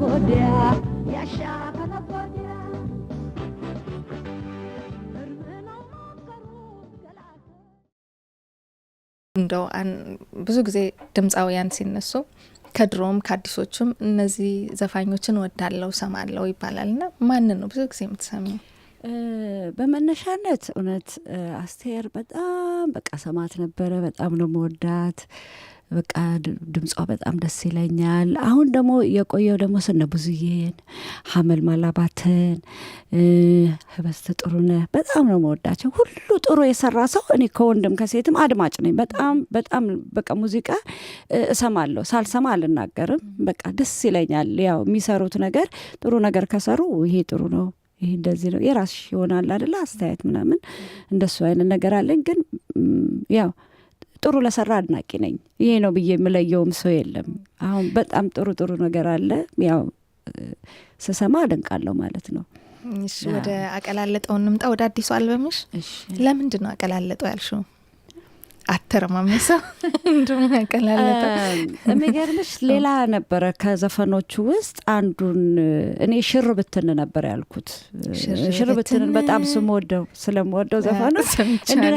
ከነጎዲያ ያሻ እንደው ብዙ ጊዜ ድምፃውያን ሲነሱ ከድሮም ከአዲሶቹም እነዚህ ዘፋኞችን ወዳለው ሰማለው ይባላል እና ማንን ነው ብዙ ጊዜ የምትሰሚ? በመነሻነት እውነት አስቴር በጣም በቃ ሰማት ነበረ። በጣም ነው መወዳት በቃ ድምጿ በጣም ደስ ይለኛል። አሁን ደግሞ የቆየው ደግሞ ስነ ብዙዬን ሀመል ማላባትን ህበስት ጥሩነ በጣም ነው መወዳቸው። ሁሉ ጥሩ የሰራ ሰው እኔ ከወንድም ከሴትም አድማጭ ነኝ። በጣም በጣም በቃ ሙዚቃ እሰማለሁ፣ ሳልሰማ አልናገርም። በቃ ደስ ይለኛል። ያው የሚሰሩት ነገር ጥሩ ነገር ከሰሩ ይሄ ጥሩ ነው ይህ እንደዚህ ነው የራስሽ ይሆናል አደለ አስተያየት ምናምን እንደሱ አይነት ነገር አለኝ ግን ያው ጥሩ ለሰራ አድናቂ ነኝ። ይሄ ነው ብዬ የምለየውም ሰው የለም። አሁን በጣም ጥሩ ጥሩ ነገር አለ። ያው ስሰማ አደንቃለሁ ማለት ነው። እሺ፣ ወደ አቀላለጠው እንምጣ። ወደ አዲሱ አልበምሽ ለምንድን ነው አቀላለጠው ያልሽው? አተረማመሰ እንዲሁም ያቀላለጠ የሚገርምሽ ሌላ ነበረ። ከዘፈኖቹ ውስጥ አንዱን እኔ ሽር ብትን ነበር ያልኩት። ሽር ብትንን በጣም ስምወደው ስለምወደው ዘፈኑ ግን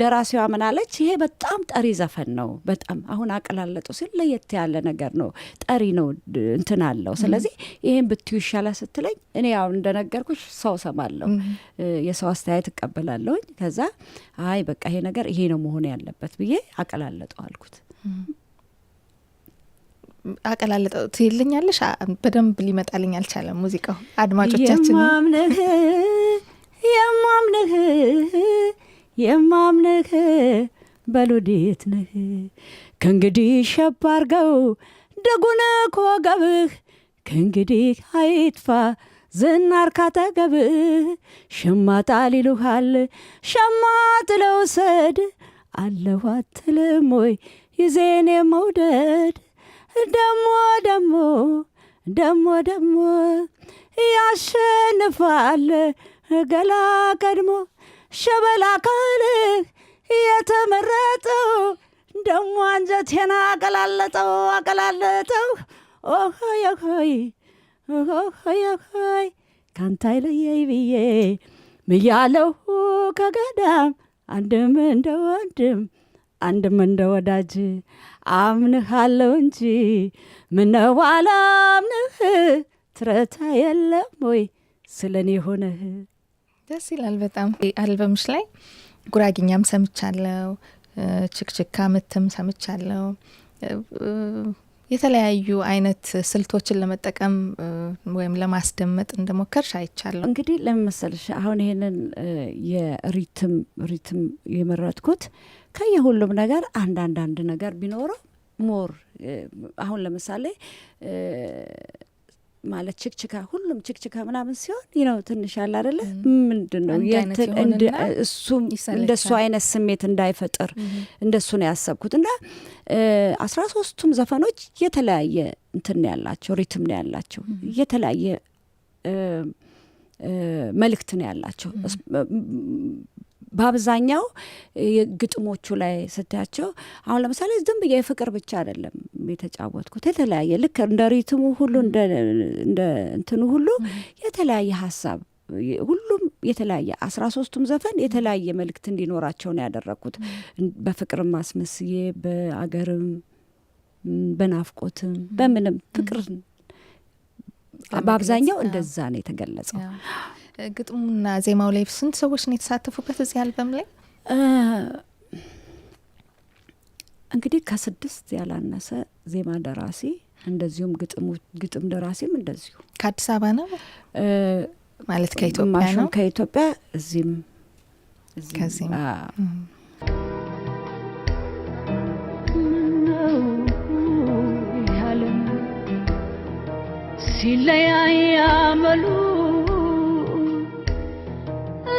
ደራሲዋ ምናለች፣ ይሄ በጣም ጠሪ ዘፈን ነው። በጣም አሁን አቀላለጡ ሲል ለየት ያለ ነገር ነው፣ ጠሪ ነው፣ እንትን አለው። ስለዚህ ይሄን ብትዩ ይሻላል ስትለኝ እኔ ያው እንደነገርኩሽ ሰው ሰማለሁ፣ የሰው አስተያየት እቀበላለሁኝ። ከዛ አይ በቃ ይሄ ነገር ነገር ይሄ ነው መሆን ያለበት ብዬ አቀላለጠው አልኩት። አቀላለጠው ትይልኛለሽ? በደንብ ሊመጣልኝ አልቻለም። ሙዚቃው አድማጮቻችን የማምነህ የማምነህ የማምነህ በሎዴት ነህ ከእንግዲህ ሸባርገው ደጉነ ኮገብህ ከእንግዲህ አይጥፋ ዝናር ካጠገብ ሸማጣ ሊሉሃል ሸማት ለውሰድ አለሁ አትልም ወይ ይዜኔ መውደድ ደሞ ደሞ ደሞ ደሞ ያሸንፋል ገላ ቀድሞ ሸበላ ካል የተመረጠው ደሞ አንጀቴን አቀላለጠው አቀላለጠው ኦሆይ ኦሆይ ሆያሆይ ካንተ አይለየኝ ብዬ ምያለሁ ከገዳም አንድም እንደ ወንድም አንድም እንደ ወዳጅ አምንሃለሁ እንጂ ምነው አላምንህ ትረታ የለም ወይ ስለኔ ሆነህ። ደስ ይላል በጣም። አልበምሽ ላይ ጉራጌኛም ሰምቻለው፣ ችክችካ ምትም ሰምቻለው። የተለያዩ አይነት ስልቶችን ለመጠቀም ወይም ለማስደመጥ እንደሞከርሽ አይቻለሁ። እንግዲህ ለምን መሰልሽ አሁን ይሄንን የሪትም ሪትም የመረጥኩት ከየሁሉም ነገር አንድ አንዳንድ ነገር ቢኖረው ሞር አሁን ለምሳሌ ማለት ችክችካ ሁሉም ችክችካ ምናምን ሲሆን ይነው ትንሽ ያለ አደለ ምንድን ነው እሱም እንደ እንደሱ አይነት ስሜት እንዳይፈጥር እንደ እንደሱ ነው ያሰብኩት እና አስራ ሶስቱም ዘፈኖች የተለያየ እንትን ነው ያላቸው ሪትም ነው ያላቸው የተለያየ መልእክት ነው ያላቸው በአብዛኛው ግጥሞቹ ላይ ስታያቸው አሁን ለምሳሌ ዝም ብዬ የፍቅር ብቻ አይደለም የተጫወትኩት የተለያየ ልክ እንደ ሪትሙ ሁሉ እንደ እንትኑ ሁሉ የተለያየ ሀሳብ ሁሉም የተለያየ አስራ ሶስቱም ዘፈን የተለያየ መልእክት እንዲኖራቸው ነው ያደረግኩት። በፍቅርም ማስመስዬ በአገርም በናፍቆትም በምንም ፍቅር በአብዛኛው እንደዛ ነው የተገለጸው። ግጥሙና ዜማው ላይ ስንት ሰዎች ነው የተሳተፉበት እዚህ አልበም ላይ? እንግዲህ ከስድስት ያላነሰ ዜማ ደራሲ እንደዚሁም ግጥም ደራሲም እንደዚሁ ከአዲስ አበባ ነው ማለት ከኢትዮጵያ ነው ከኢትዮጵያ እዚህም ከዚህም ሲለያይ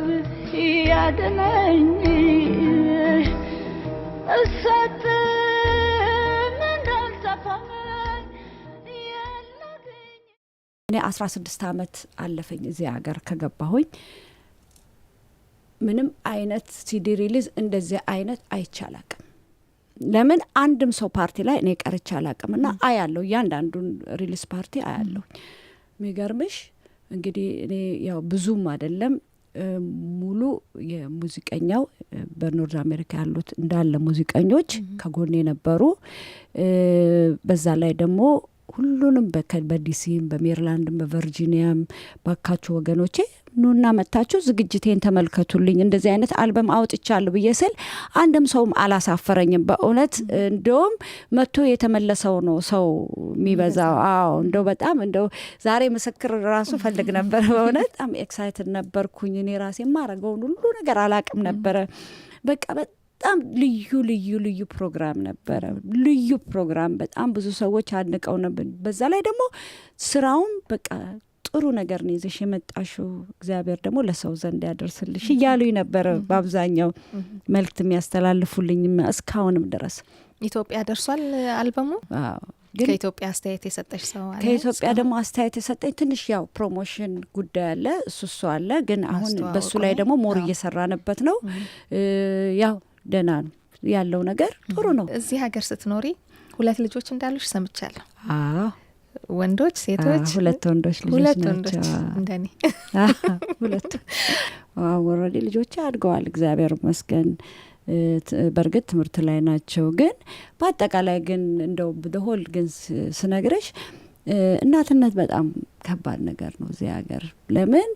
ጥበብ እኔ አስራ ስድስት አመት አለፈኝ እዚህ ሀገር ከገባሁኝ። ምንም አይነት ሲዲ ሪሊዝ እንደዚህ አይነት አይቼ አላቅም። ለምን አንድም ሰው ፓርቲ ላይ እኔ ቀርቼ አላቅም እና አያለሁ፣ እያንዳንዱን ሪሊዝ ፓርቲ አያለሁ። የሚገርምሽ እንግዲህ እኔ ያው ብዙም አይደለም ሙሉ የሙዚቀኛው በኖርዝ አሜሪካ ያሉት እንዳለ ሙዚቀኞች ከጎን የነበሩ በዛ ላይ ደግሞ ሁሉንም በዲሲም በሜሪላንድም በቨርጂኒያም ባካችሁ ወገኖቼ ኑና መታችሁ ዝግጅቴን ተመልከቱልኝ። እንደዚህ አይነት አልበም አውጥቻለሁ ብዬ ስል አንድም ሰውም አላሳፈረኝም። በእውነት እንደውም መቶ የተመለሰው ነው ሰው የሚበዛው። አዎ እንደው በጣም እንደው ዛሬ ምስክር ራሱ ፈልግ ነበር። በእውነት በጣም ኤክሳይትድ ነበርኩኝ። እኔ ራሴ የማረገውን ሁሉ ነገር አላቅም ነበረ በቃ በጣም ልዩ ልዩ ልዩ ፕሮግራም ነበረ። ልዩ ፕሮግራም በጣም ብዙ ሰዎች አድንቀው ነበር። በዛ ላይ ደግሞ ስራውን በቃ ጥሩ ነገር ነው ይዘሽ የመጣሽው እግዚአብሔር ደግሞ ለሰው ዘንድ ያደርስልሽ እያሉኝ ነበረ። በአብዛኛው መልእክት የሚያስተላልፉልኝ እስካሁንም ድረስ ኢትዮጵያ ደርሷል አልበሙ። ግን ከኢትዮጵያ አስተያየት የሰጠሽ ሰው አለ? ከኢትዮጵያ ደግሞ አስተያየት የሰጠኝ ትንሽ ያው ፕሮሞሽን ጉዳይ አለ፣ እሱ እሱ አለ። ግን አሁን በሱ ላይ ደግሞ ሞር እየሰራንበት ነው ያው ደህና ነው ያለው ነገር ጥሩ ነው። እዚህ ሀገር ስትኖሪ ሁለት ልጆች እንዳሉሽ ሰምቻለሁ። ወንዶች፣ ሴቶች? ሁለት ወንዶች ልጆች ናቸው ሁለት። ወረዴ ልጆች አድገዋል እግዚአብሔር ይመስገን። በእርግጥ ትምህርት ላይ ናቸው። ግን በአጠቃላይ ግን እንደው ብደሆል ግን ስነግረሽ እናትነት በጣም ከባድ ነገር ነው እዚህ ሀገር ለምን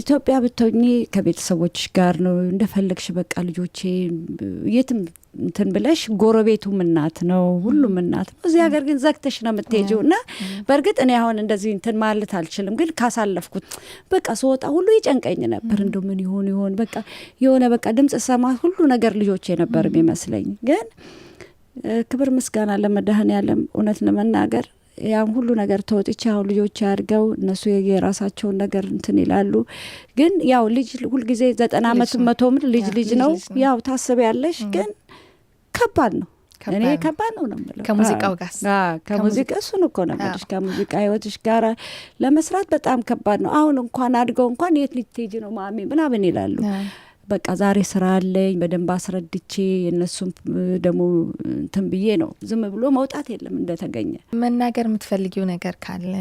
ኢትዮጵያ ብትሆኚ ከቤተሰቦች ጋር ነው እንደፈለግሽ፣ በቃ ልጆቼ የትም እንትን ብለሽ ጎረቤቱም እናት ነው፣ ሁሉም እናት ነው። እዚህ ሀገር ግን ዘግተሽ ነው የምትሄጂው። እና በእርግጥ እኔ አሁን እንደዚህ እንትን ማለት አልችልም፣ ግን ካሳለፍኩት በቃ ስወጣ ሁሉ ይጨንቀኝ ነበር። እንደ ምን ይሆን ይሆን በቃ የሆነ በቃ ድምፅ ሰማ ሁሉ ነገር ልጆቼ ነበር የሚመስለኝ። ግን ክብር ምስጋና ለመድኃኔዓለም እውነት ለመናገር ያም ሁሉ ነገር ተወጥቼ አሁን ልጆች ያድገው እነሱ የራሳቸውን ነገር እንትን ይላሉ። ግን ያው ልጅ ሁልጊዜ ዘጠና ዓመት ምን ልጅ ልጅ ነው ያው ታስብ ያለሽ ግን ከባድ ነው። እኔ ከባድ ነው ነው የምለው ከሙዚቃው ጋር ከሙዚቃ እሱን እኮ ነው የምልሽ ከሙዚቃ ህይወትሽ ጋር ለመስራት በጣም ከባድ ነው። አሁን እንኳን አድገው እንኳን የት ልትሄጂ ነው ማሚ ምናምን ይላሉ። በቃ ዛሬ ስራ አለኝ በደንብ አስረድቼ የእነሱም ደግሞ እንትን ብዬ ነው። ዝም ብሎ መውጣት የለም እንደተገኘ። መናገር የምትፈልጊው ነገር ካለ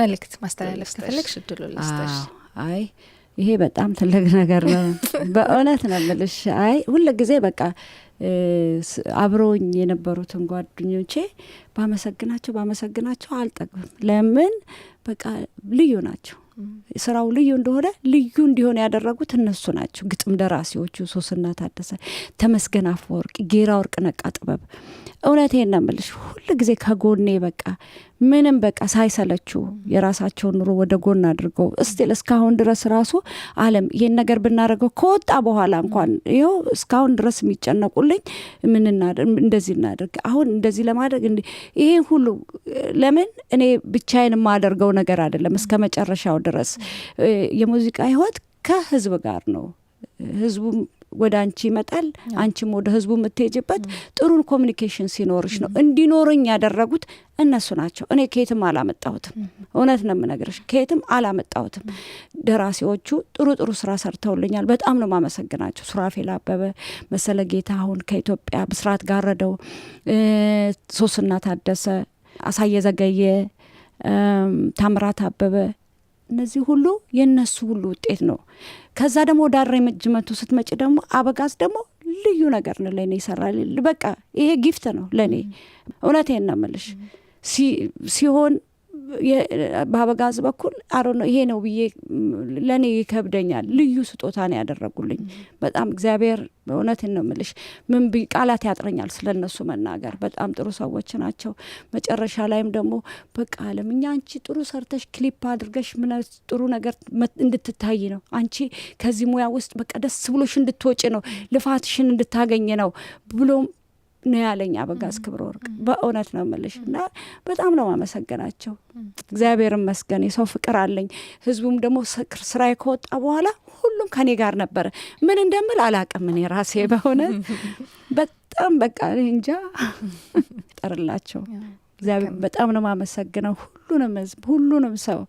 መልእክት ማስተላለፍ ከፈለግሽ እድሉ አይ ይሄ በጣም ትልቅ ነገር ነው። በእውነት ነው የምልሽ። አይ ሁል ጊዜ በቃ አብረውኝ የነበሩትን ጓደኞቼ ባመሰግናቸው ባመሰግናቸው አልጠግብም። ለምን በቃ ልዩ ናቸው። ስራው ልዩ እንደሆነ ልዩ እንዲሆን ያደረጉት እነሱ ናቸው። ግጥም ደራሲዎቹ ሶስና ታደሰ፣ ተመስገን አፈወርቅ፣ ጌራ ወርቅ፣ ነቃ ጥበብ። እውነቴን ነው የምልሽ ሁል ጊዜ ከጎኔ በቃ ምንም በቃ ሳይሰለችው የራሳቸውን ኑሮ ወደ ጎን አድርገው እስቲል እስካሁን ድረስ ራሱ አለም ይህን ነገር ብናደርገው ከወጣ በኋላ እንኳን ይኸው እስካሁን ድረስ የሚጨነቁልኝ እንደዚህ እናደርግ አሁን እንደዚህ ለማድረግ ይሄ ሁሉ ለምን እኔ ብቻዬን የማደርገው ነገር አይደለም። እስከ መጨረሻው ድረስ የሙዚቃ ህይወት ከህዝብ ጋር ነው ህዝቡም ወደ አንቺ ይመጣል፣ አንቺም ወደ ህዝቡ የምትሄጅበት ጥሩን ኮሚኒኬሽን ሲኖርሽ ነው። እንዲኖርኝ ያደረጉት እነሱ ናቸው። እኔ ከየትም አላመጣሁትም። እውነት ነው የምነግርሽ፣ ከየትም አላመጣሁትም። ደራሲዎቹ ጥሩ ጥሩ ስራ ሰርተውልኛል። በጣም ነው ማመሰግናቸው። ሱራፌል አበበ፣ መሰለ ጌታ፣ አሁን ከኢትዮጵያ ብስራት ጋረደው፣ ሶስና ታደሰ፣ አሳየ ዘገየ፣ ታምራት አበበ እነዚህ ሁሉ የእነሱ ሁሉ ውጤት ነው። ከዛ ደግሞ ወደ አሬንጅመንቱ ስትመጪ ደግሞ አበጋዝ ደግሞ ልዩ ነገር ነው ለእኔ ይሰራል። በቃ ይሄ ጊፍት ነው ለእኔ እውነቴን ነው የምልሽ ሲሆን በአበጋዝ በኩል አሮ ነው ይሄ ነው ብዬ ለእኔ ይከብደኛል። ልዩ ስጦታ ነው ያደረጉልኝ። በጣም እግዚአብሔር እውነትን ነው ምልሽ፣ ምን ቃላት ያጥረኛል ስለ እነሱ መናገር። በጣም ጥሩ ሰዎች ናቸው። መጨረሻ ላይም ደግሞ በቃ አለም እኛ አንቺ ጥሩ ሰርተሽ ክሊፕ አድርገሽ ምን ጥሩ ነገር እንድትታይ ነው አንቺ ከዚህ ሙያ ውስጥ በቃ ደስ ብሎሽ እንድትወጪ ነው ልፋትሽን እንድታገኝ ነው ብሎም ነው ያለኝ አበጋዝ ክብረ ወርቅ። በእውነት ነው የምልሽ እና በጣም ነው ማመሰገናቸው። እግዚአብሔር ይመስገን የሰው ፍቅር አለኝ። ህዝቡም ደግሞ ስራ ከወጣ በኋላ ሁሉም ከኔ ጋር ነበረ። ምን እንደምል አላቅም እኔ ራሴ በእውነት በጣም በቃ እንጃ ጠርላቸው እግዚአብሔር በጣም ነው ማመሰግነው ሁሉንም ህዝብ ሁሉንም ሰው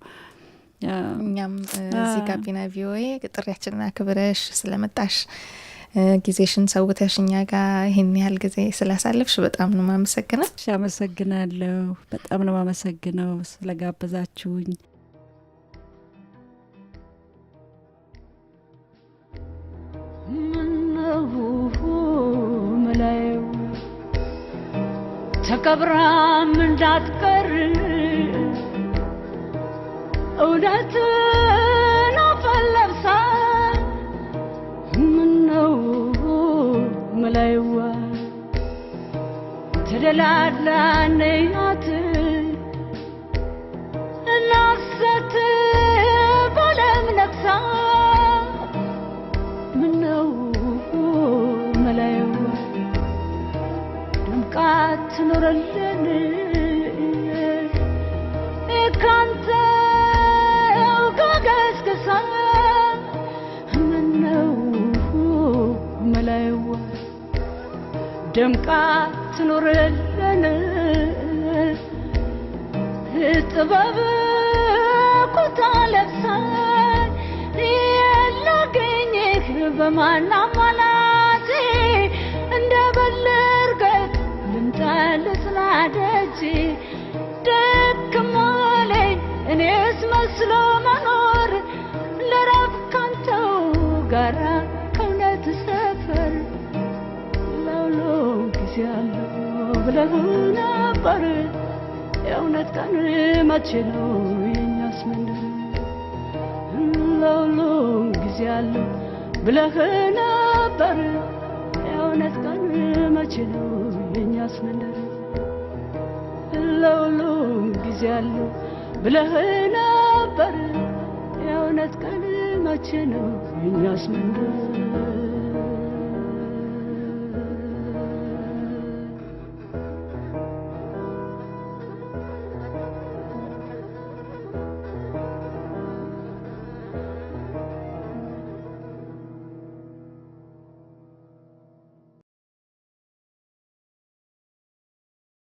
እኛም እዚህ ጋቢና ቪኦኤ ጥሪያችንን አክብረሽ ስለመጣሽ ጊዜሽን ሰውተሽ እኛ ጋር ይህን ያህል ጊዜ ስላሳለፍሽ በጣም ነው ማመሰግነው። አመሰግናለሁ። በጣም ነው ማመሰግነው ስለጋበዛችሁኝ። ምነው ተከብራም እንዳትቀር እውነት la la ne ጥበብ ኩታ ለብሳ የላገኝህ በማናማላት እንደ በልርገት ልምጣ ልስናደጅ ደክማለኝ እኔስ መስሎ መኖር ለረብ ካንተው ጋራ ከእውነት ሰፈር ለውሎ ጊዜ አለው ብለህ ነበር የእውነት ቀን መቼ ነው የእኛስ መንደር ለሁሉም ጊዜ አለ ብለህ ነበር የእውነት ቀን መችነው የእኛስ መንደር ለሁሉም ጊዜ አለ ብለህ ነበር የእውነት ቀን መቼ ነው የእኛስ መንደር